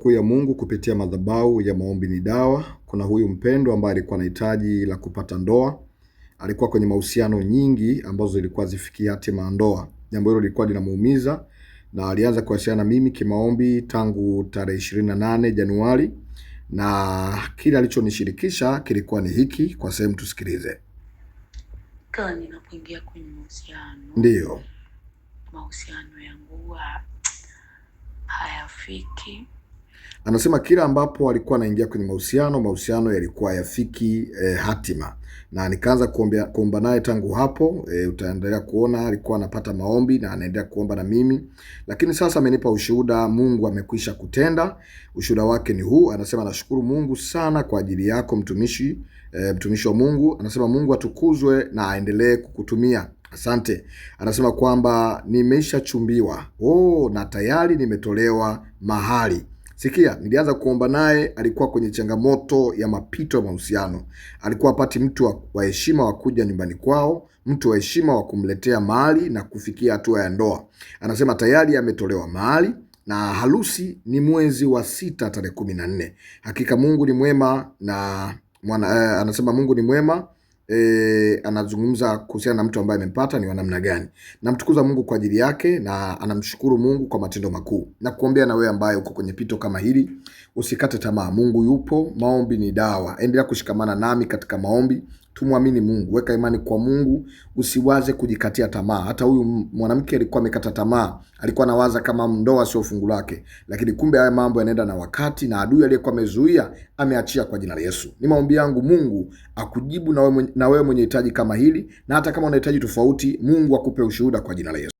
kuu ya Mungu kupitia madhabahu ya maombi ni dawa. Kuna huyu mpendwa ambaye alikuwa na hitaji la kupata ndoa, alikuwa kwenye mahusiano nyingi ambazo zilikuwa zifikia hatima ya ndoa. Jambo hilo lilikuwa linamuumiza na alianza kuwasiliana na mimi kimaombi tangu tarehe ishirini na nane Januari, na kile alichonishirikisha kilikuwa ni hiki. Kwa sehemu tusikilize. Kila ninapoingia kwenye mahusiano, ndio mahusiano yangu hayafiki Anasema kila ambapo alikuwa anaingia kwenye mahusiano, mahusiano yalikuwa yafiki e, eh, hatima na nikaanza kuomba naye tangu hapo e, utaendelea kuona alikuwa anapata maombi na anaendelea kuomba na mimi, lakini sasa amenipa ushuhuda. Mungu amekwisha kutenda. Ushuhuda wake ni huu, anasema nashukuru Mungu sana kwa ajili yako mtumishi, e, mtumishi wa Mungu. Anasema Mungu atukuzwe na aendelee kukutumia. Asante. Anasema kwamba nimeisha oh, na tayari nimetolewa mahali Sikia, nilianza kuomba naye, alikuwa kwenye changamoto ya mapito ya mahusiano. Alikuwa hapati mtu wa heshima wa kuja nyumbani kwao, mtu wa heshima wa kumletea mali na kufikia hatua ya ndoa. Anasema tayari ametolewa mali na harusi ni mwezi wa sita tarehe kumi na nne. Hakika Mungu ni mwema na mwana, eh, anasema Mungu ni mwema e, anazungumza kuhusiana na mtu ambaye amempata ni wa namna gani. Namtukuza Mungu kwa ajili yake na anamshukuru Mungu kwa matendo makuu. Nakuombea na wewe ambaye uko kwenye pito kama hili, usikate tamaa. Mungu yupo, maombi ni dawa. Endelea kushikamana nami katika maombi. Tumwamini Mungu, weka imani kwa Mungu, usiwaze kujikatia tamaa. Hata huyu mwanamke alikuwa amekata tamaa, alikuwa anawaza kama ndoa sio fungu lake, lakini kumbe haya mambo yanaenda na wakati, na adui aliyekuwa amezuia ameachia kwa jina la Yesu. Ni maombi yangu Mungu akujibu na wewe mwenye hitaji kama hili, na hata kama unahitaji tofauti, Mungu akupe ushuhuda kwa jina la Yesu.